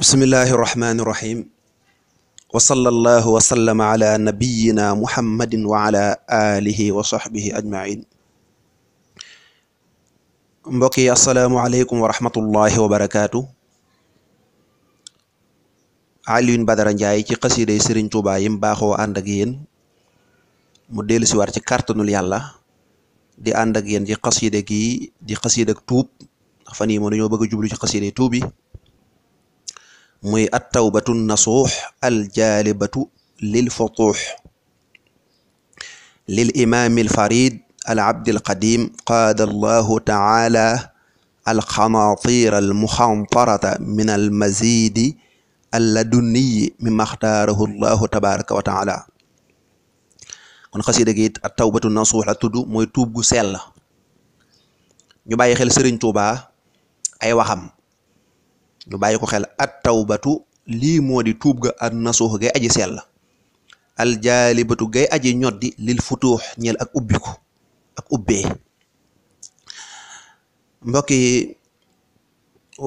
bismillahi irrahmani irrahim wa sallallahu wa wa ala alihi wa sahbihi ajmain mbokk yi asalaamualeykum wa rahmatullahi wa barakaatu Alioune Badara Ndiaye ci xasiiday Sëriñ Tuubaa yim baaxoo ànd ak yéen mu dellu war ci kàttanul yàlla di ànd ak yéen ci xasiida gi di xasiida tuub fan yii moo dañoo bëgg a jublu ci xasiiday tuub muy at tawbatu nasuux aljaalibatu lil futuux lil imaami alfarid alabdi alqadim qaada allahu taala alxanaatira almuxantarata min almazidi alladunniyi mi maxtaarahu allahu tabaraka wa kon xasida gi nasuux la tudd mooy tuub gu sell ñu bàyyi xel sëriñ tuubaa ay waxam ñu bàyyi xel at tawbatu lii moo di tuub ga an nasuux gay aji sell aljaalibatu gay aji ñoddi lil futuux ñeel ak ubbiku ak ubbee mbokk yi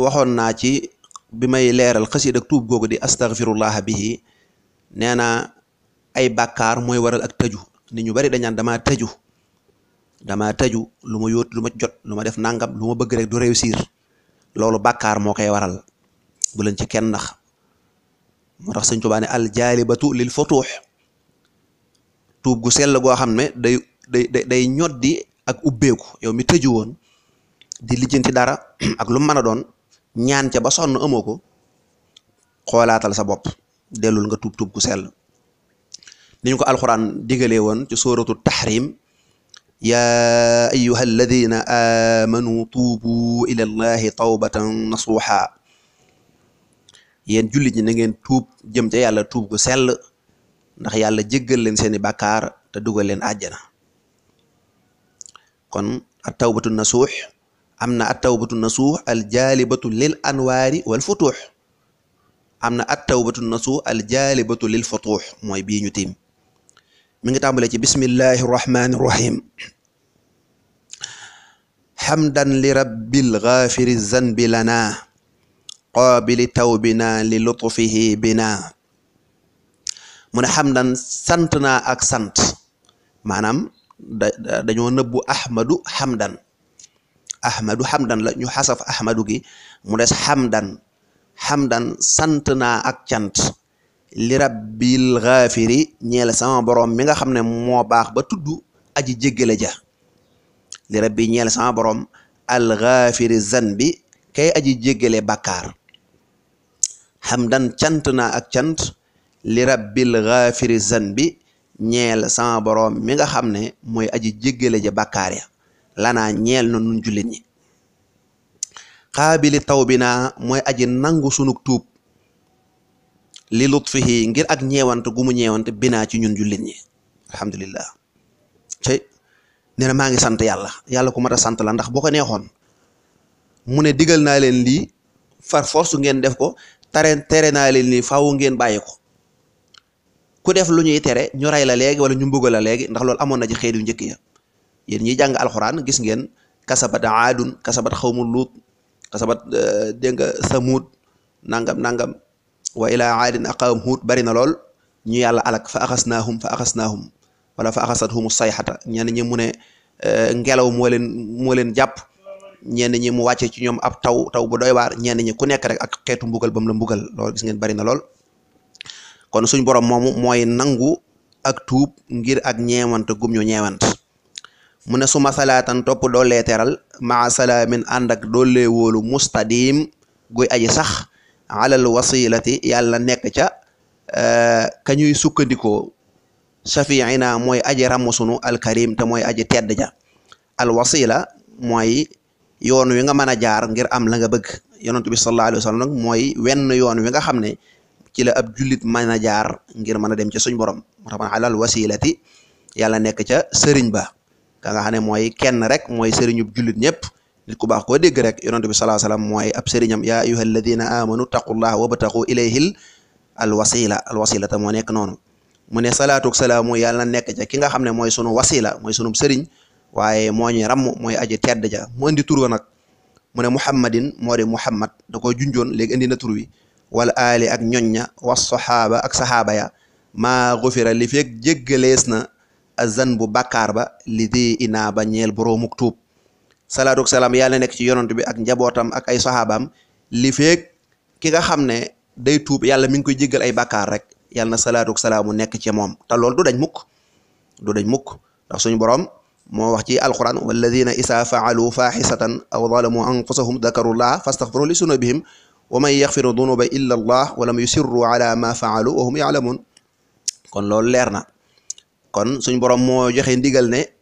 waxoon naa ci bi may leeral xasiid ak tuub googu di astaghfirullah bihi nee na ay bàkkaar mooy waral ak tëju ni ñu bari dañaan dama tëju dama tëju lu ma yóot lu ma jot lu ma def nangam lu ma bëgg rek du réussir loolu bàkkaar moo koy waral bu leen ci kenn nax moo tax sëñ Tuubaa ne al jaalibatu lil futuux tuub gu sell goo xam ne day day day ñoddi ak ubbeeku yow mi tëju woon di lijjanti dara ak lu mën a doon ñaan ca ba sonn amoo ko xoolaatal sa bopp dellul nga tuub tuub gu sell ni ñu ko alxuraan digalee woon ci sóoratu taxrim ya ayuha alladina amanu tuubu ila llahi tawbatan nasuha yéen jullit ñi ngeen tuub jëm ca yàlla tuub gu sell ndax yàlla jéggal leen seeni bakaar te dugal leen àjjana kon at tawbatu nasuux am na a tawbatu nasuux al jaalibatu lil anwaari wal futuux am na at tawbatu nasuux al jaalibatu lil futuux mooy bii ñu mi ngi tàmbalee ci bismillahi rahmani rahim xamdan li rabbil gaafiri zanbi lana qaabili tawbina li lutfihi bina mu ne xamdan sant naa ak sant maanaam da dañoo nëbbu ahmadu xamdan ahmadu xamdan la ñu xasaf ahmadu gi mu des xamdan xamdan sant naa ak cant li rabbil xaafiri ñeel sama borom mi nga xam ne moo baax ba tudd aji jéggale ja li rabbi ñeel sama boroom al xaafiri zan bi kay aji jéggale bàkkaar xamdan cant naa ak cant li rabbil xaafiri zan bi ñeel sama borom mi nga xam ne mooy aji jéggale ja bàkkaar ya lanaa ñeel na nun jullit ñi xaabili taw bi naa mooy aji nangu sunug tuub li lutfihi ngir ak ñeewante gu mu ñeewante binaa ci ñun jullit ñi alhamdulillah tey nee maa ngi sant yàlla yàlla ku mat a sant la ndax boo ko neexoon mu ne digal naa leen lii far force ngeen def ko tare tere naa leen lii faaw ngeen bàyyi ko ku def lu ñuy tere ñu rey la léegi wala ñu mbugal la léegi ndax loolu amoon na ci xeet yu njëkk ya yéen ñiy jàng alxuraan gis ngeen kasabat aadun kasabat xawmu luut kasabat euh, dégg nga samuud nangam nangam. wa ilaa aadin aqaawam huut bari na lool ñu yàlla alak fa axasnaahum fa axasnaahum wala fa axasathum sayxata ñenn ñi mu ne eh, ngelaw moo leen moo leen jàpp ñenn ñi mu wàccee ci ñoom ab taw taw bu doy waar ñenn ñi ku nekk rek ak xeetu mbugal ba la mbugal lool gis ngeen bari na lool kon suñ borom moomu mooy nangu ak tuub ngir ak ñeewant gum ñu ñewant mu ne suma salaatan topp doolee teral maa salaamin ànd ak doolee wóolu mustadim guy aji sax alal wasilati yàlla nekk ca euh, ka ñuy sukkandikoo shafiina mooy aji ràmm sunu alkarim te mooy aji tedd ja al wasila mooy yoon wi nga mën a jaar ngir am la nga bëgg yonent bi sallallahu alayhi wa sallam nag mooy wenn yoon wi nga xam ne ci la ab jullit mën a jaar ngir mën a dem ca suñ borom taman alal wasilati yàlla nekk ca sëriñ ba kanga xam ne mooy kenn rek mooy sëriñub jullit ñëpp nit ku baax koo dégg rek yonent bi salaa salaam mooy ab sëriñam yaa ayuha alladina amanu taqullaha wabtaxu ilayhil alwasila alwasila ta moo nekk noonu mu ne salaatuk salaamu yàlla na nekk ca ki nga xam ne mooy sunu wasila mooy sunu sëriñ waaye moo ñu ramm mooy aji tedd ja mu indi tur wa nag mu ne muhammadin moo di muhammad da ko junjoon léegi indi na tur wal aali ak ñoñña wa saxaaba ak saxaaba ya maa gufira li feeg jéggalees na azan bu bakkaar ba li di inaa ba ñeel boroomuk tuub salaatu ak yàlla nekk ci yonent bi ak njabootam ak ay saxaabaam li feeg ki nga xam ne day tuub yàlla mi ngi koy jéggal ay bakkaar rek yàlla na salaatu ak salaamu nekk ci moom te lool du dañ mukk du dañ mukk ndax suñu borom moo wax ci alquran walladina isaa faalu faaxisatan aw zalamu anfusahum dakarullaha fastaxfiru li sunubihim wa man yaxfiru dunuba illa allah walam yusirru ala ma faalu wa hum yaalamun kon loolu leer na kon suñu borom moo joxe ndigalne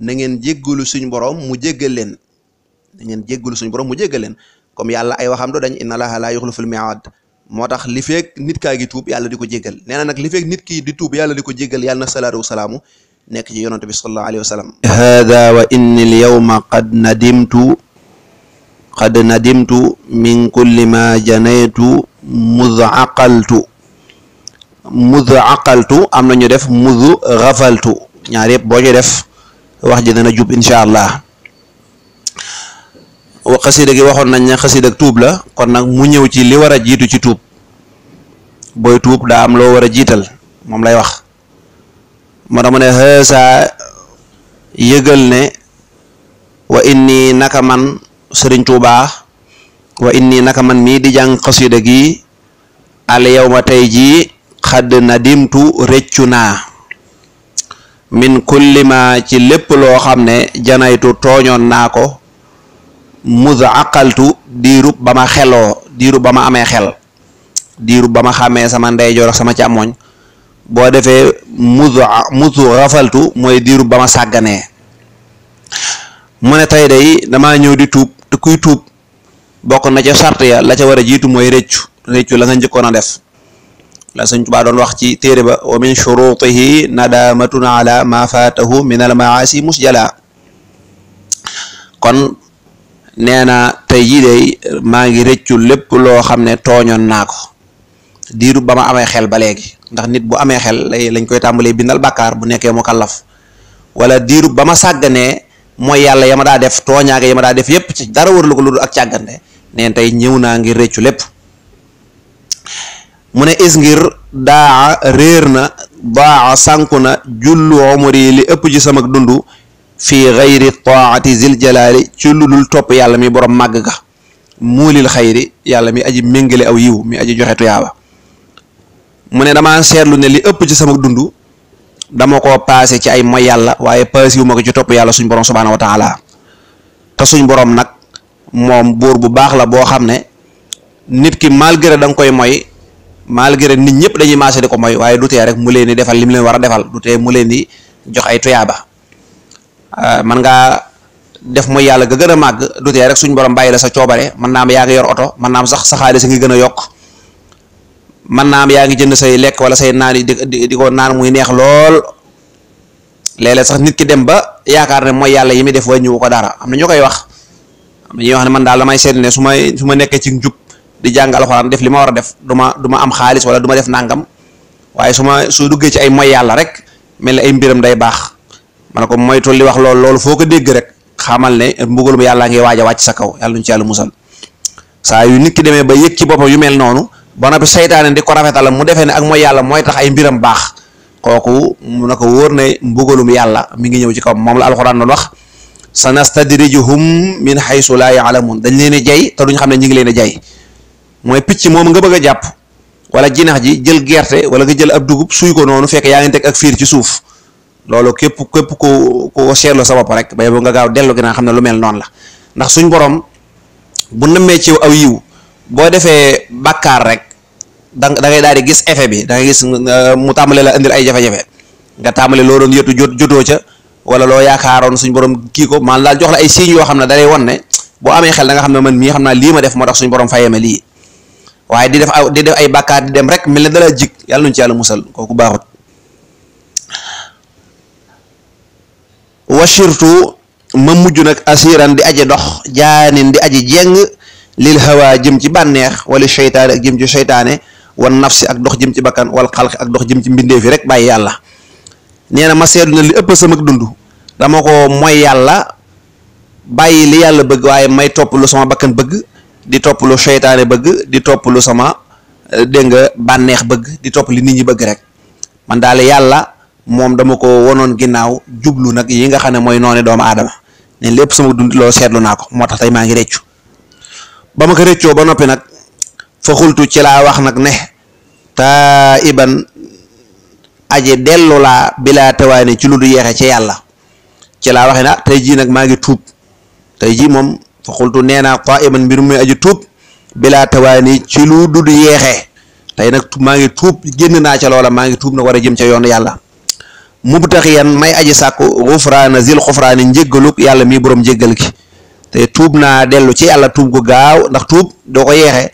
na ngeen jéggalu suñu borom mu jéggal leen na ngeen suñu borom mu jéggal leen comme yàlla ay waxam do dañ inna allaha laa yuxliful mi'aad moo tax li nit kaa gi tuub yàlla di ko jéggal nee na nag li feeg nit ki di tuub yàlla di ko jéggal yàlla na salaatu nekk ci yonante bi sallallahu alayhi wa sallam hada wa inni al yawma qad nadimtu qad nadimtu min kulli ma janaytu mudh aqaltu am na ñu def mudh ghafaltu ñaar yëpp boo def wax ji dana jub incha allah wa xasida gi waxoon nañ ne xasida tuub la kon nag mu ñëw ci li war a jiitu ci tuub booy tuub daa am loo war a jiital moom lay wax moo tax ne xësa yëgal ne wa inni naka man sëriñ tuubaa wa inni naka man mii di jàng xasida gi al yow ma tey jii xadd na dimtu réccu naa min kulli ma ci lépp loo xam ne janaytu tooñoon naa ko mus aqaltu diirub ba ma xeloo diirub ba ma amee xel diirub ba ma xàmmee sama ndeyjoor a sama càmmoñ boo defee musu musu rafaltu mooy diirub ba ma sàgganee mu ne tey day damaa ñëw di tuub te kuy tuub bokk na ca sart ya la ca war a jiitu mooy rëccu rëccu la nga njëkkoon a def la Sëñ Tuubaa doon wax ci téere ba wa min shurutihi nadamatun ala ma fatahu min al maasi musjala kon nee na tey jii day maa ngi rëccu lépp loo xam ne tooñoon naa ko diiru ba ma amee xel ba léegi ndax nit bu amee xel lañ koy tàmbalee bindal bakkaar bu nekkee mu kàllaf wala diiru ba ma sàgganee mooy yàlla ya ma daa def tooñaage ya ma daa def yépp ci dara wër lu ko lu dul ak càggante neen tey ñëw naa ngi rëccu lépp mu ne is ngir daa réer na daa sànku na jullu umri li ëpp ci sama dund fii xayri taati zil ci lu topp yàlla mi borom màgg ka muulil xayri yàlla mi aji méngale aw yiw mi aji joxe tuyaaba mu ne damaa seetlu ne li ëpp ci sama dund dama ko paase ci ay moy yàlla waaye paase ko ci topp yàlla suñ borom subhaanahu wa taala te suñ borom nag moom buur bu baax la boo xam ne nit ki malgré danga koy moy. malgré nit ñëpp dañuy maase di ko mooy waaye du rek mu leen defal li leen war a defal du mu leen jox ay tuyaaba euh, man ngaa def mooy yàlla ga gën a màgg du tee rek suñ borom bàyyi la sa coobare man naa am yaa ngi yor oto mën naa am sax sa xaalis ngi gën a yokk man naa am yaa ngi jënd say lekk wala say naan di di ko naan muy neex lool léeg-léeg sax nit ki dem ba yaakaar ne mooy yàlla yi muy def wàññiwu ko dara am wax ne man daal damay seetlu ne su may nekkee ci njub di jàng alxuraan def li ma war a def du ma du ma am xaalis wala du ma def nàngam waaye su ma su duggee ci ay moy yàlla rek mel ni ay mbiram day baax ma ne ko moytul li wax loolu loolu foo ko dégg rek xamal ne mbugalum yàllaa ngi waaj a wàcc sa kaw yàlla ñu ci yàlla musal saa yu nit ki demee ba yëg ci boppam yu mel noonu ba noppi saytaane di ko rafetal mu defee ne ak mooy yàlla mooy tax ay mbiram baax kooku mu na ko wóor ne mbugalum yàlla mi ngi ñëw ci kaw moom la alxuraan doon wax sanastadrijuhum min haysu laa yaalamun dañ leen a jay te duñ xam ne ñu ngi leen a jay mooy picc moom nga bëgg a jàpp wala jinax ji jël gerte wala nga jël ab dugub suuy ko noonu fekk yaa ngi teg ak fiir ci suuf loolu képp képp ku ko seetloo sa bopp rek bay bo nga gaaw dellu ginnaaw xam ne lu mel noonu la ndax suñ borom bu nëmmee ci aw yiw boo defee bàkkaar rek da da ngay daal di gis effet bi da ngay gis mu tàmbale la indil ay jafe-jafe nga tàmbale loo doon yotu jot jotoo ca wala loo yaakaaroon suñ borom kii ko maanaam daal jox la ay signes yoo xam ne da lay wan ne boo amee xel da ne man mii xam lii ma def moo tax suñ borom fayee ma lii waaye di def aw di def ay bàkkaar di dem rek mel ne dalaa jig yàlla nañu ci yàlla musal kooku baaxut wa ma mujj nag asiran di aji dox jaanin di aji jeng lil hawa jëm ci bànneex wala seytaane ak jëm ci seytaane wan nafsi ak dox jëm ci bakkan wal xalq ak dox jëm ci mbindeef rek bàyyi yàlla nee na ma seedu na li ëpp sama dund dama ko mooy yàlla bàyyi li yàlla bëgg waaye may topp lu sama bakkan bëgg di topp lu seytaane bëgg di topp lu sama eh, dégg nga bànneex bëgg di topp li nit ñi bëgg rek man daal yàlla moom dama ko wonoon ginnaaw jublu nag yi nga xam ne mooy noonu doomu aadama ne lépp sama dund loolu seetlu naa ko moo tax tey maa ngi rëccu ba ma ko rëccoo ba noppi nag fa xultu ci laa wax nag ne taa iban aje dellu laa bilaa tawaane ci lu du yeexe ci yàlla ci laa waxe na ah, tey jii nag maa ngi tuub tey jii moom fa xultu nee naa qaa'iman mbir muy aju tuub bilaa tawaani ci lu du dud yeexee tey nag maa ngi tuub génn naa ca loola maa ngi tuub na war a jëm ca yoon yàlla mu yan may aji sàkku xufraana zil xufraani njéggaluk yàlla mii borom njéggal gi te tuub naa dellu ci yàlla tuub gu gaaw ndax tuub doo ko yeexee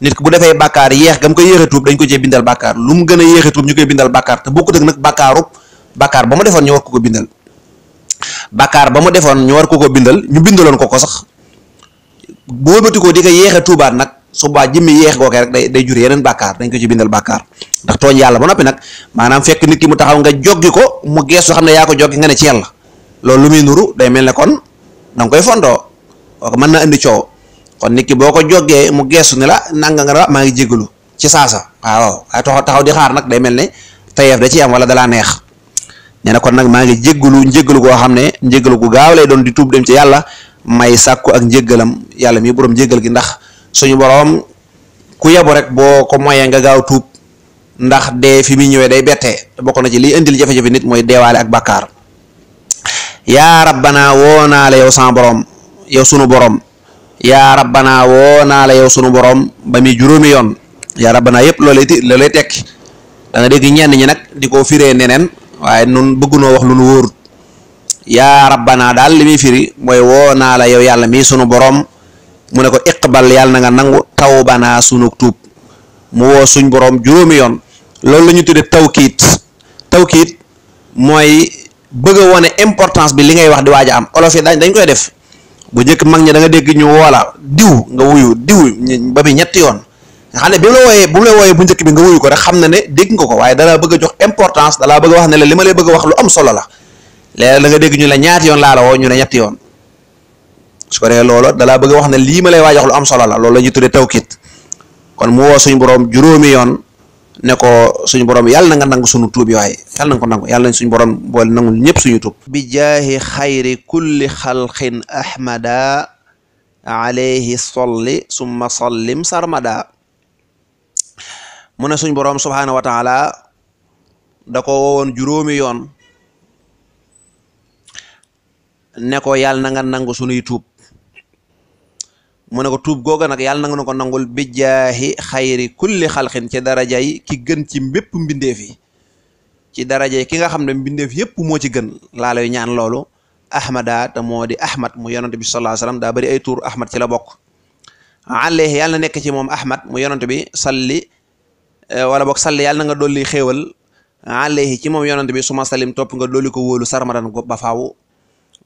nit ki bu defee bàkkaar yeex gam ko yéexe tuub dañ ko cee bindal bàkkaar lu mu gën a yéexe tuub ñu koy bindal bàkkaar te bokkut ak nag bàkkaarub bàkkaar ba mu defoon ñu war ko ko bindal bàkkaar ba mu defoon ñu ko ko bindal bu wëlbatikoo di ko yéex a tuubaat nag su baa jëmmi yéex gookee rek day day jur yeneen bàkkaar dañ ko ci bindal bàkkaar ndax tooñ yàlla ba noppi nag maanaam fekk nit ki mu taxaw nga joggi ko mu geesu xam ne yaa ko joggi nga ne loolu lu muy nuru day mel ne kon danga koy fondoo kooku na indi coow kon nit ki boo ko joggee mu geesu ne la nanga maa ngi jégalu ci saa waaw waaye taxaw di xaar nag day mel ne tayeef da ci am wala dalaa neex nee na kon nag maa ngi jéggalu njéggalu goo xam ne njéggalu gu gaaw lay doon di tuub dem ci yàlla may sàkku ak njéggalam yàlla mi boroom jéggal gi ndax suñu boroom ku yabu rek boo ko moyee nga gaaw tuub ndax dee fi muy ñëwee day bettee te bokk na ci liy indil jafe-jafe nit mooy deewaale ak bàkkaar yaa rabbana woo naa la yow sama boroom yow sunu boroom yaa rabbana naa la boroom ba muy juróomi yoon yaa rabbana yëpp loolay ti loolay tekki da dégg ñenn ñi nag di ko firee neneen waaye nun bëggunoo wax lu nu wóorut yaa rabbana daal li muy firi mooy woo la yow yàlla mii sunu boroom mu ne ko iqbal yàlla na nga nangu tawbanaa sunu tuub mu woo suñ boroom juróomi yoon loolu la taw kiit taw kiit mooy bëgg a wone importance bi li ngay wax di waaj am olof yi dañ koy def bu njëkk mag ñi da nga dégg ñu woola diw nga wuyu diw ba muy ñetti yoon nga xam ne bi mu la wooyee bu mu wooyee bu njëkk bi nga wuyu ko rek xam na ne dégg nga ko waaye dalaa bëgg a jox importance dalaa bëgg a wax ne la li ma lay bëgg a wax lu am solo la léeg da dégg ñu la ñaati yoon laa woo ñu ne ñetti yoon su ko defee loola dalaa bëgg wax ne lii ma lay waajox am solo la loolu la ñuy tuddee tawkiit kon mu woo suñu borom juróomi yoon ne ko suñu borom yàlla nga nangu suñu tuub yi waaye yàlla na yàlla nañ suñu borom boole ñëpp suñu tuub bi jaahi xayri kulli xalqin ahmada alayhi solli summa sallim sarmada mu ne suñ boroom subhaanahu wa taala da woowoon juróomi yoon ne ko yàlla na nga nangu sunuy tuub mu ne ko tuub googa nag yàlla na ko nangul bijjaahi xayri kulli xalqin ci darajay ki gën ci mbépp mbindeef yi ci ki nga xam ne mbindeef yëpp moo ci gën laa lay ñaan loolu ahmada te moo di ahmad mu yonante bi sallallahu alayhi wasallam daa bëri ay tuur ci la bokk yàlla nekk ci moom ahmad mu yonante bi salli eh, wala boog salli yàlla na nga dolli xéewal alayhi ci moom yonante bi suma salim topp nga dolli ko wóolu sarmadan ba faaw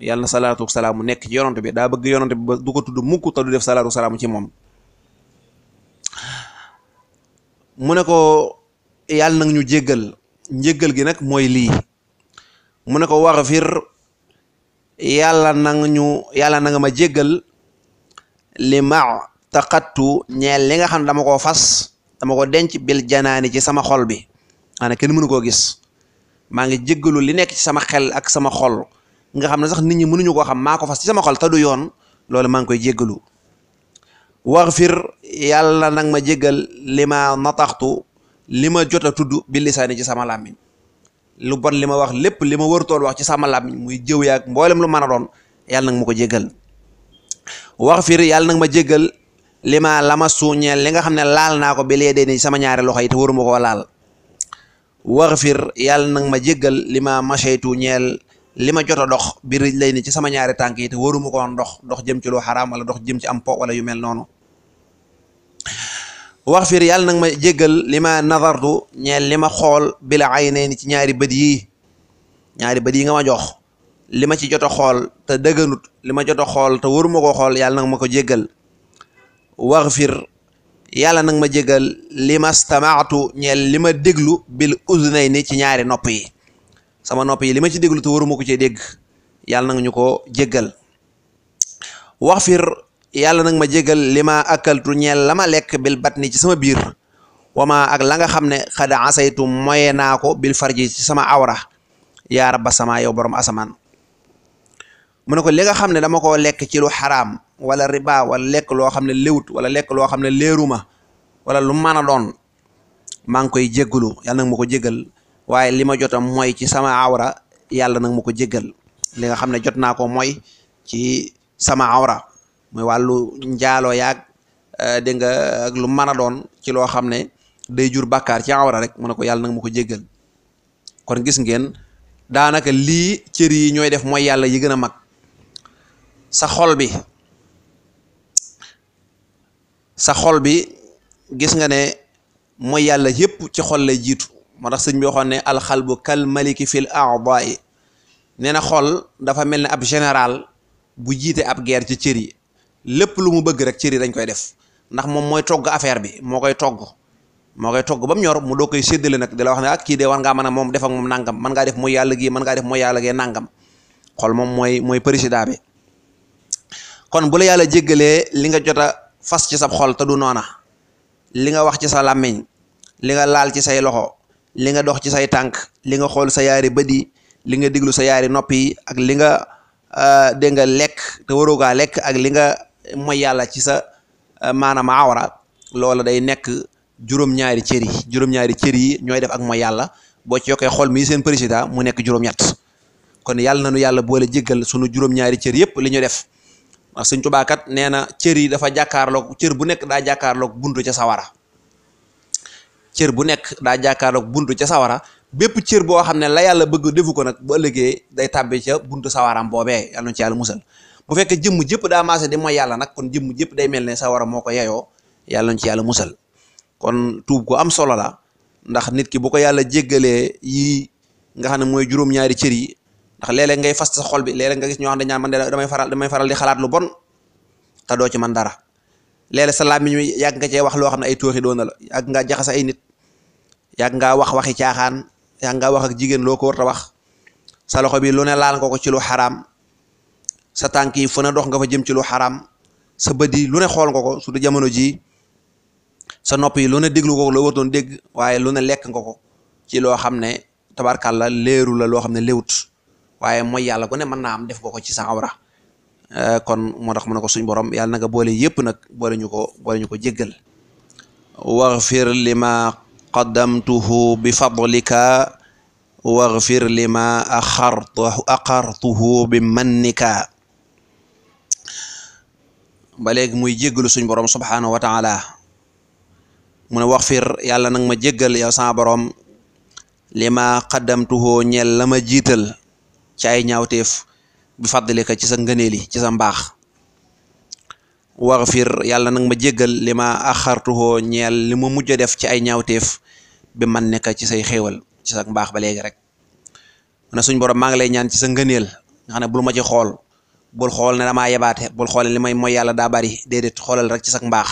yàlla na salaatu salaamu nekk ci yonent bi daa bëgg yonent bi ba du ko tudd mukk te du def salaatu salaamu ci moom mu ne ko yàlla nag ñu jéggal njéggal gi nag mooy lii mu ne ko waxfir yàlla nag ñu yàlla na nga ma jéggal li ma taqattu ñeel li nga xam ne dama koo fas dama ko denc bil janaani ci sama xol bi maanaam kenn mënu koo gis maa ngi jéggalu li nekk ci sama xel ak sama xol nga xam ne sax nit ñi mënuñu koo xam maa ko fas ci sama xol te du yoon loolu maa ngi koy jéggalu waxfir yàlla nag ma jéggal li ma nataxtu li ma jot a tudd bi ci sama làmmiñ lu bon li ma wax lépp li ma wërtoon wax ci sama làmmiñ muy jëw yaag mboolem lu mën a doon yàlla nag ma ko jéggal waxfir yàlla nag ma jéggal li ma la li nga xam ne laal naa ko bi lee dee ni sama ñaari loxo yi te waruma koo laal waxfir yàlla nag ma jéggal li ma ñeel li ma jot a dox bi rëj lay ni ci sama ñaari tànk yi te waruma ko dox jëm ci lu xaraam wala dox jëm ci am po wala yu mel noonu wax fir yàlla nag ma jéggal li ma nazartu ñeel li ma xool bi ay nee ni ci ñaari bët yii ñaari bët yi nga ma jox li ma ci jot a xool te dëgganut li ma jot a xool te waruma koo xool yàlla nag ma ko jéggal wax fir yàlla nag ma jéggal li ma stamaatu ñeel li ma déglu bil uznay ni ci ñaari nopp yi sama nopp yi li ma ci déglu te waruma ko cee dégg yàlla nag ñu ko jéggal wax fir yàlla nag ma jéggal li ma akkaltu ñeel la ma lekk bil batni ci sama biir wama ak la nga xam ne xada asaytu moye naa ko bil farji ci sama awra yaa rabba sama yow borom asamaan mu ne ko li nga xam ne dama ko lekk ci lu xaraam wala riba wala lekk loo xam ne léwut wala lekk loo xam ne léeruma wala lu mën a doon maa ngi koy jéggalu yàlla nag ma ko jéggal waaye li ma jotam mooy ci sama awra yàlla nag ma ko jéggal li nga xam ne jot naa ko mooy ci sama awra muy wàllu njaaloo yaag eh, dégg nga lu mën a doon ci loo xam ne day jur bàkkaar ci awra rek mu ne ko yàlla nag ma ko jéggal kon gis ngeen daanaka lii cër yi ñooy def mooy yàlla yi gën a mag sa xol bi sa xol bi gis nga ne mooy yàlla yépp ci xol lay jiitu moo tax sëñ bi waxoon ne alxalbu kal maliki fil a'daa'i nee na xol dafa mel ne ab général bu jiite ab guerre ci cër yi lépp lu mu bëgg rek cër yi dañ koy def ndax moom mooy togg affaire bi moo koy togg moo koy togg ba mu ñor mu doo koy séddale nag di la wax ne ak ah, kii de war ngaa mën a moom def ak moom nangam mën ngaa def mooy yàlla gii mën ngaa def mooy yàlla gee nangam xol moom mooy mooy président bi kon bu la yàlla jéggalee li nga jot a fas ci sa xol te du noona li nga wax ci sa làmmiñ li nga laal ci say loxo li nga dox ci say tànk li nga xool sa yaari bët yi li nga déglu sa yaari nopp yi ak li nga euh, dégg nga lekk te waroo lekk ak li nga mooy yàlla ci sa euh, maanaam awra loola day nekk juróom-ñaari cër yi juróom-ñaari cër yi ñooy def ak mooy yàlla boo ci yokkee xool mi seen président mu nekk juróom-ñett kon yàlla na nu yàlla boole jéggal sunu juróom-ñaari cër yëpp li ñu def ndax Sëñ Tuubaa nee na cër yi dafa jàkkaarloog cër bu nekk daa jàkkaarloog buntu ca sawara cër bu nekk daa jàkkaarloog buntu ca sawara bépp cër boo xam ne la yàlla bëgg defu ko nag bu ëllëgee day tàbbi ca buntu sawaram boobee yàlla na ci yàlla musal bu fekkee jëmm jëpp daa maase di mooy yàlla nag kon jëmm jëpp day mel ne sawara moo ko yeyoo yàlla na ci yàlla musal kon tuub ko am solo la ndax nit ki boo ko yàlla jéggalee yi nga xam ne mooy juróom-ñaari cër yi ndax léeg-léeg ngay fas sa xol bi léeg nga gis ñoo xam ne ñaan man damay faral damay faral di xalaat lu bon te doo ci man dara léeg sa làmmiñ wi yàgg nga cee wax loo xam ne ay tooxi doona la yàgg ngaa jaxase ay nit yàgg ngaa wax waxi caaxaan yàgg ngaa wax ak jigéen loo ko war a wax sa loxo bi lu ne laal nga ko ci xaraam sa tànk yi fu dox nga fa jëm ci lu xaraam sa bët yi lu ne xool nga ko su dee jamono ji sa nopp yi lu ne déglu ko la war doon dégg waaye lu ne lekk nga ko ci loo xam ne la leeru la loo xam ne léwut waaye mooy yàlla ku ne mën naa am def nga ci sa awra Eh, kon moo tax mu ne ko suñ borom yàlla na nga boole yëpp nag boole ñu ko boole ko jéggal waxfir lima qaddamtuhu bi fadlika waxfir lima axartu bi mannika ba léegi muy jéggalu suñ borom subhaanahu wa mu ne waxfir yàlla nag ma jéggal yow sama borom lima qaddamtuhu ñeel la ma jiital ci ay ñaawteef bi fàddalika ci sa ngëneel yi ci sa mbaax waxfir yàlla nag ma jéggal li ma axartuhoo ñeel li ma mujj a def ci ay ñaawteef bi man nekk ci say xéewal ci sa mbaax ba léegi rek mu ne suñ borom maa ngi lay ñaan ci sa ngëneel nga xam bul ma ci xool bul xool ne damaa yebaate bul xool li may mooy yàlla daa bari déedéet xoolal rek ci sa mbaax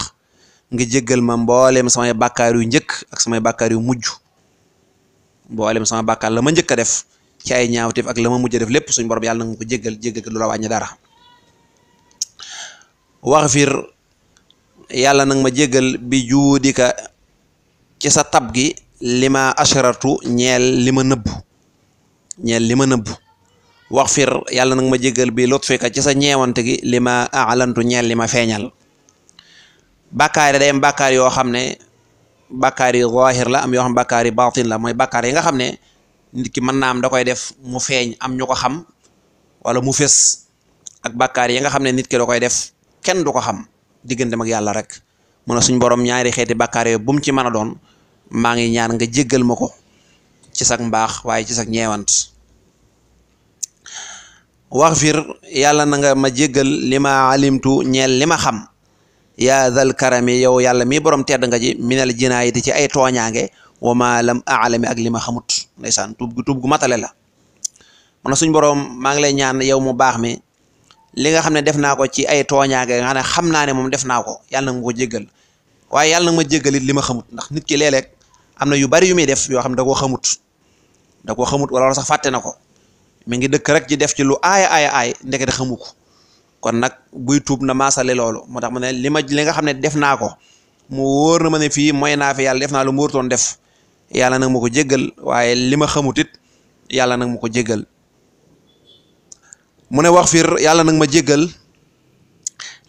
ngi jéggal ma mbooleem samay bàkkaar yu njëkk ak samay bàkkaar yu mujj mbooleem sama bàkkaar la ma njëkk a def ci ay ak la ma mujj def lépp suñ borom yàlla na nga ko jéggal jéggal lu la wàññi dara yàlla nag ma jéggal bi juudika ci sa tab gi li ma asharatu ñeel li ma nëbbu ñeel li ma wax fiir yàlla nag ma jéggal bi lutfika ci sa ñeewante gi li ma ñeel li ma feeñal bàkkaar yi day am yoo xam ne bàkkaar yi zaahir la am yoo xam bàkkaar yi baatin la mooy bàkkaar yi nga xam ne nit ki mën naa am da koy def mu feeñ am ñu ko xam wala mu fes ak bakkaar yi nga xam ne nit ki da koy def kenn du ko xam diggante ak yàlla rek mu ne suñ borom ñaari xeeti bàkkaar yooyu bu mu ci mën a doon maa ngi ñaan nga jéggal ma ko ci sag mbaax waaye ci sag ñeewant wax fir yàlla na nga ma jéggal li ma alimtu ñeel li ma xam yaa dal karami yow yàlla mi borom tedd nga ji mi minal jinaayati ci ay tooñaange wa ma lam aalami ak li ma xamut ndeysaan tuub gu tuub gu matale la man suñ boroom maa ngi lay ñaan yow mu baax mi li nga xam ne def naa ko ci ay tooñaange nga xam ne xam naa ne moom def naa ko yàlla na nga ko jéggal waaye na ma jéggal li ma xamut ndax nit ki léeg-léeg am na yu bari yu muy def yoo xam ne da xamut da koo xamut wala sax fàtte na ko mi ngi dëkk rek ci def ci lu aaya aaya ay ndekete xamu ko kon nag buy tuub na maasale loolu moo tax ma ne li ma li nga xam ne def naa ko mu wóor na ma ne fii mooy naa fi yàlla def naa lu mu wóor toon def yàlla nag ma ko jégal waaye li ma xamut it yàlla nag ma ko jégal mu ne wax fiir yàlla nag ma jégal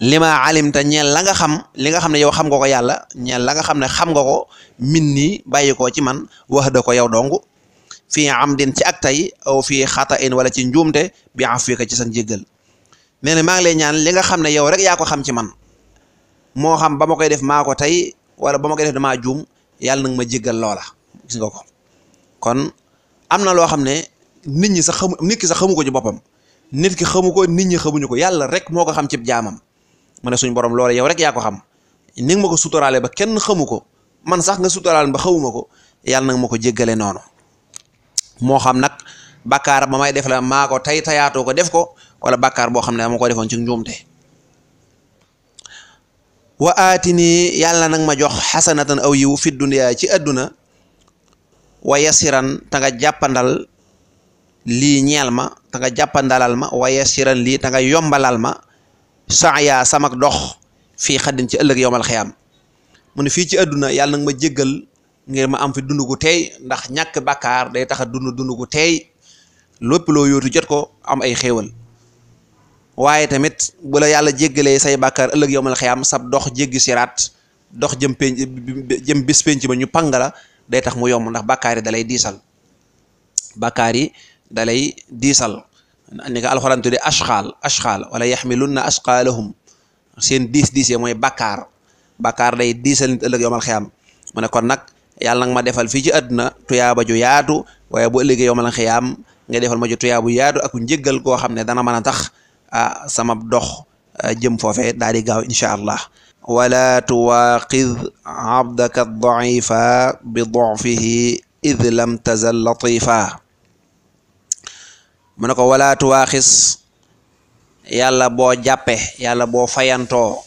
li ma alim te ñeel la nga xam li nga xam ne yow xam nga ko yàlla ñeel la nga xam ne xam nga ko min nii bàyyi koo ci man wax ko yow dong fii amdin ci ak tey aw fii xata in wala ci njuumte bi afika ci sa jégal nee na maa ngi lay ñaan li nga xam ne yow rek yaa ko xam ci man moo xam ba ma koy def maako tey wala ba ma koy def damaa juum yàlla nag ma jégal loola gis nga ko kon am na loo xam ne nit ñi sax xamu nit ki sax xamu ko ci boppam nit ki xamu ko nit ñi xamuñu ko yàlla rek moo ko xam cib jaamam ma suñ suñu borom loola yow rek yaa ko xam ni ma ko suturaale ba kenn xamu ko man sax nga suturaale ba xamuma ko yàlla nag ma ko jéggale noonu moo xam nag bakkaar ba may def la maa ko tay tayaatoo ko def ko wala bàkkaar boo xam ne dama ko defoon ci njuumte wa aati nii yàlla nag ma jox xasanatan aw yiw fi dunya ci adduna wa yasiran ta jàppandal lii ñeel ma ta nga jàppandalal ma wa siran lii ta nga yombalal ma yaa samak dox fii xaddin ci ëllëg yowmal xiyaam mu ne fii ci àdduna yàlla nag ma jéggal ngir ma am fi dund gu teey ndax ñàkk bàkkaar day tax a dund dund gu teey lépp loo yóotu jot ko am ay xéewal waaye tamit bu la yàlla jéggalee say bàkkaar ëllëg yowmal xiyaam sab dox jéggi siraat dox jëm bis penc ba ñu pang day tax mu yomb ndax bàkkaar yi da lay diisal bàkkaar yi diisal ni ko alxuraan tuddee ashxaal ashxaal wala yaxmilunna ashqaalahum seen diis diisee mooy bàkkaar bàkkaar day diisal nit ëllëg yomal xiyaam mu ne kon nag yàlla nag ma defal fii ci àdduna tuyaaba ju yaatu waaye bu ëllëgee yomal xiyaam nga defal ma ju tuyaabu yaatu ak njëggal koo xam ne dana mën a tax a ah, sama dox ah, jëm foofe daal di gaaw incha allah wala tuwaaqid abdaka daifa bi dofihii id lam tazal latifa mu ne ko wala tuwaaqis yàlla boo jàppe yàlla boo fayantoo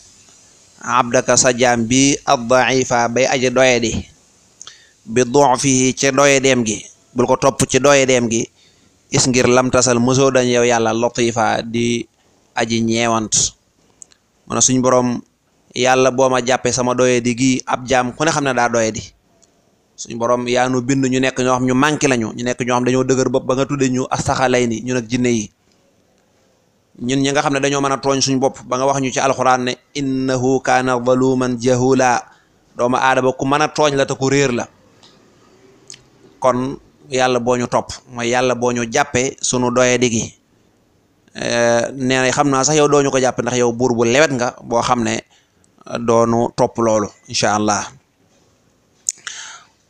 abdaka sa jaam bi ad daifa bay aji doyadi bi dofihi ci doyadeem gi bul ko topp ci doyadeem gi is ngir lam tasal mosoo dañ yow yàlla latifa di aji ñeewant mu suñ boroom yàlla boo ma jàppee sama doyadi gii ab jaam ku ne xam ne daa doyadi suñu borom yaa nu bind ñu nekk ñoo xam ñu manqué lañu ñu nekk ñoo xam dañoo dëgër bopp ba nga tudde ñu astaxalay ni ñun ak jinne yi ñun ñi nga xam ne dañoo mën a tooñ suñu bopp ba nga wax ñu ci alxuraan ne innahu kaana zaluman jahula doomu aadama ku mën a tooñ la te ku réer la kon yàlla boo ñu topp mooy yàlla boo ñu jàppee sunu doyadi gi eh, nee na xam naa sax yow dooñu ko jàppe ndax yow buur bu lewet nga boo xam ne doonu topp loolu incha allah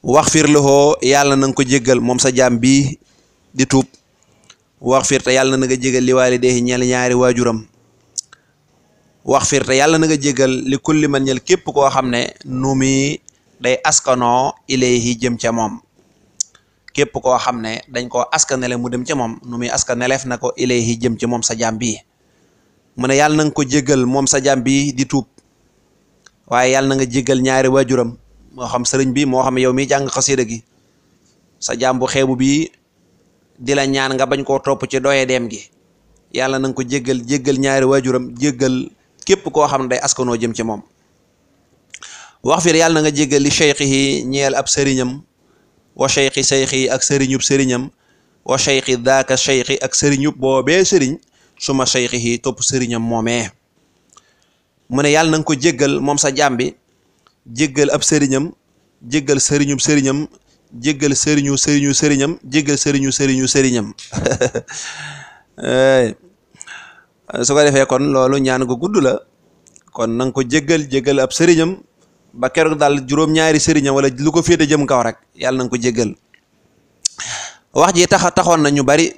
wax fir lahoo yàlla nang ko jéggal moom sa jaam bii di tuub wax fir te yàlla na jegal jégal li ñeel ñaari waajuram wax fir yàlla na jégal li kulli man ñeel képp koo xam ne nu mi day askanoo ilayhi jëm ca moom képp koo xam ne dañ koo askanele mu dem ca moom nu muy askaneleef na ko ilayhi jëm ci moom sa jaam bii mu ko jégal moom sa jaam di tuub waaye yàlla na nga jéggal ñaari waajuram moo xam sëriñ bi moo xam yow miy jàng xasida gi sa jàmbu bu xeebu bii di la ñaan nga bañ koo topp ci doye dem gi yàlla na nga ko jéggal jéggal ñaari waajuram jéggal képp koo xam ne day askanoo jëm ci moom wax fir yàlla na nga jéggal li cheikhihi ñeel ab sëriñam wa cheikhi cheikhi ak sëriñub sëriñam wa cheikhi daaka cheikhi ak sëriñub boobee sëriñ suma cheikhihi topp sëriñam moomee mu ne yàlla na nga ko jéggal moom sa jaam bi jéggal ab sëriñam jéggal sëriñum sëriñam jéggal sëriñu sëriñu sëriñam jéggal sëriñu sëriñu sëriñam su ko defee kon loolu ñaan ko gudd la kon na nga ko jéggal jéggal ab sëriñam ba keroog daal juróom-ñaari sëriñam wala lu ko féete jëm kaw rek yàlla na ko jéggal wax ji tax taxoon na ñu bari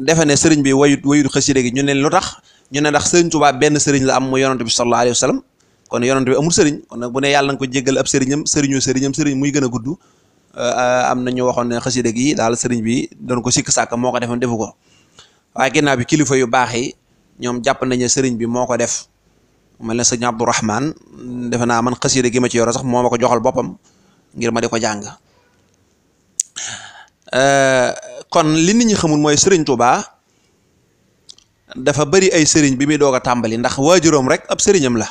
defe ne sëriñ bi wayut wayut xasida gi ñu ne lu tax ñu ne ndax sëriñ Tuubaa benn sëriñ la am mu yonante bi sallallahu alayhi wa sallam kon yonante bi amul sëriñ kon nag bu ne yàlla na ko jéggal ab sëriñam sëriñoo sëriñam sëriñ muy gën a gudd euh, am na ñu waxoon ne xasida gi daal sëriñ bi doon ko sikk sàkk moo ko defoon defu ko waaye ginnaaw bi kilifa yu baax ñoom jàpp nañu sëriñ bi moo ko def mel na sëriñ defe naa man xasida gi ma ci yoro sax moo ma ko joxal boppam ngir ma di ko jàng euh, kon li nit ñi dafa bari ay sëriñ bi muy doog a tàmbali ndax waajuróom rek ab sëriñam la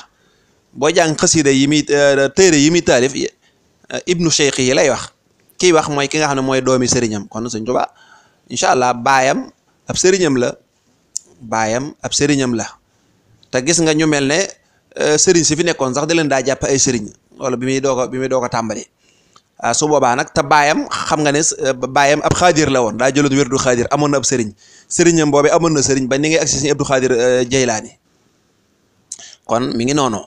boo jàng xasida yi muy euh, téere yi muy taalif euh, ibnu cheikh yi lay wax kiy wax mooy ki nga xam ne mooy doomi sëriñam kon Sëriñ Tuubaa incha allah baayam ab sëriñam la baayam ab sëriñam la te gis nga ñu mel ne euh, sëriñ si fi nekkoon sax da leen daa jàpp ay sëriñ wala bi muy doog bi muy doog a tàmbali ah, su boobaa nag te baayam xam nga ne baayam ab xaadir la woon daa jëloon wér du xaadir amoon na ab sëriñ sëriñam boobee amoon na sëriñ ba ni ngay agsi sëriñ Abdou euh, Jaylaani kon mi ngi noonu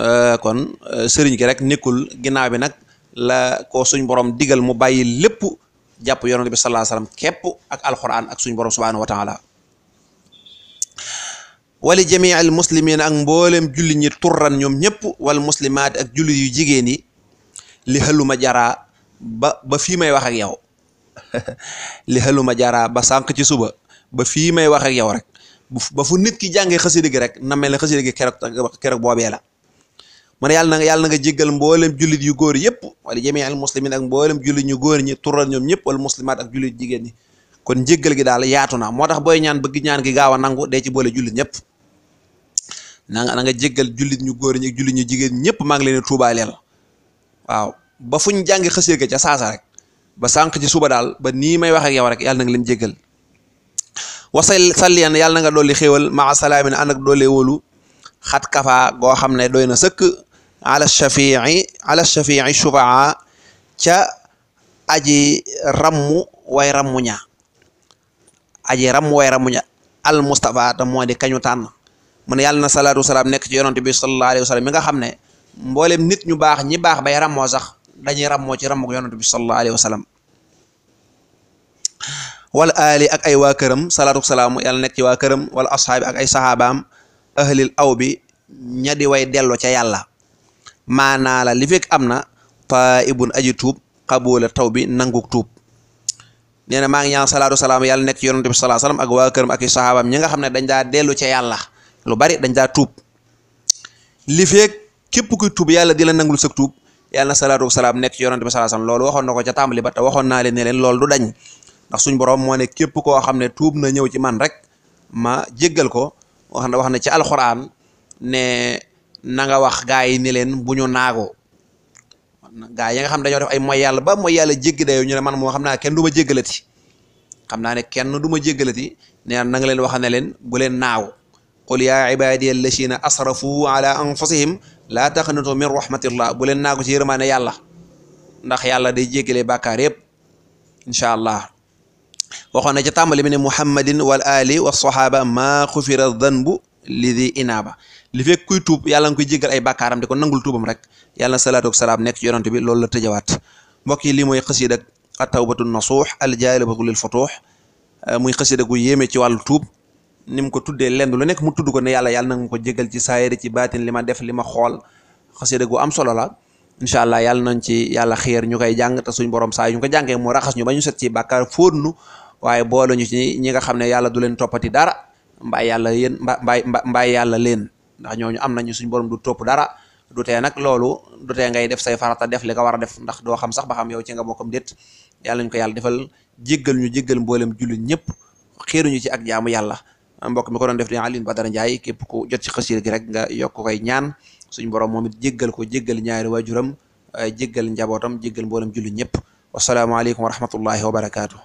euh, kon euh, sëriñ gi rek nekkul ginnaaw bi nag la ko suñ borom digal mu bàyyi lépp jàpp yonent bi sallallahu képp ak alquran ak suñ borom subhanahu wa taala wali jamii al muslimin ak mboolem julli ñi turran ñoom ñëpp wal muslimaat ak julli yu jigéen yi li xaluma jaraa ba ba fii may wax ak yow li xaluma jaraa ba sànq ci suba ba fii may wax ak yow rek ba fu nit ki jàngee xasida gi rek na mel ne xasida gi keroog keroog boobee la mu ne yàlla na yàlla na nga jéggal mboolem jullit yu góor yëpp wala jamii al muslimin ak mboolem jullit ñu góor ñi tural ñoom ñëpp wala muslimaat ak jullit jigéen ñi kon njéggal gi daal yaatu na moo tax booy ñaan bëgg ñaan gi gaaw a nangu dee ci boole jullit ñëpp na nga na nga jullit ñu góor ñi ak jullit ñu jigéen ñëpp maa ngi leen di waaw ba fuñ jàngi xasee ga ca saasa rek ba sànq ci suba daal ba nii may wax ak yow rek yàlla na nga leen jéggal wasal salliyan yàlla na nga dolli xéewal maa salaamin ànd ak doole wóolu xat kafa goo xam ne doy na sëkk ala shafii ala shafii shufaa ca aji rammu way rammu ña aji rammu way rammu ña al Mustafa te moo di kañu tànn mu ne yàlla na salaatu salaam nekk ci yonante bi sallallahu alayhi mi nga xam ne mboolem nit ñu baax ñi baax bay rammoo sax dañuy rammoo ci ramu yonante bi sallallahu alayhi wa wala aali ak ay waa këram salaatu salaamu yàlla nekk ci waa këram wala asxaabi ak ay saxaabaam ahlil aw bi ña di ca yàlla maanaa la li fekk am na taibun aji tuub xaboola taw bi nanguk tuub nee na maa ngi ñaan salaatu salaam yàlla nekk ci yonante bi salaa salaam ak waa këram ak i saxaabaam ñi nga xam ne dañ daa dellu ca yàlla lu bari dañ daa tuub li feeg képp kuy tuub yàlla di la nangul sëg tuub yàlla na salaatu salaam nekk ci yonante bi salaam loolu waxoon na ko ca tàmbali ba te waxoon naa leen loolu du dañ ndax suñ boroom moo ne képp koo xam ne tuub na ñëw ci man rek ma jéggal ko wax na wax ne ci alxuraan ne nanga wax gaa yi ni leen bu ñu naagoo gaa yi nga xam ne dañoo ay mooy yàlla ba mooy yàlla jéggi dayoo ñu ne man moo xam naa kenn du ma jéggalati xam naa ne kenn du ma jéggalati nee na nga leen wax ne leen bu leen naaw qul yaa ibaadiya allazina asrafu ala anfusihim laa taqnatu min rahmatillah bu leen naagu ci yërmaane yàlla ndax yàlla day jéggale bàkkaar yëpp incha allah waxoon na ca tàmbali bi ne muhammadin wal ali wa sahaba maa xufira danbu li di inaaba li fekk kuy tuub yàlla nga koy jéggal ay bàkkaaram de ko nangul tuubam rek yàlla na salaatu salaam nekk ci yonent bi lool la tëjawaat mbokk yi lii mooy xasida ak tawbatu nasuux al jaalibatu lil futuux euh, muy xasida gu yéeme ci wàllu tuub ni mu ko tuddee lenn lu nekk mu tudd ko ne yàlla yàlla na nga ko jéggal ci saayari ci baatin li ma def li ma xool xasida gu am solo la incha allah yàlla nañ ci yàlla xiir ñu koy jàng te suñ borom saa yu ñu ko jàngee moo raxas ñu ba ñu set ci bàkkaar fóot nu waaye boole ñu ci ñi nga xam ne yàlla du leen toppati dara mbaay yàlla yéen mbaay mbaay yàlla leen ndax ñooñu am nañu suñ borom du topp dara du tee nag loolu du tee ngay def say farata def le nga war a def ndax doo xam sax ba xam yow ci nga bokkam déet yàlla ñu ko yàlla defal jéggal ñu jéggal mboolem jullit ñëpp ñu ci ak jaamu yàlla mbokk mi ko doon def di Alioune Badara Ndiaye képp ku jot ci xasir gi rek nga yokk koy ñaan suñu borom moom it jéggal ko jéggal ñaari waajuram jéggal njabootam jéggal mboolem jullit ñëpp wasalaamaaleykum wa rahmatullahi wa barakaatu.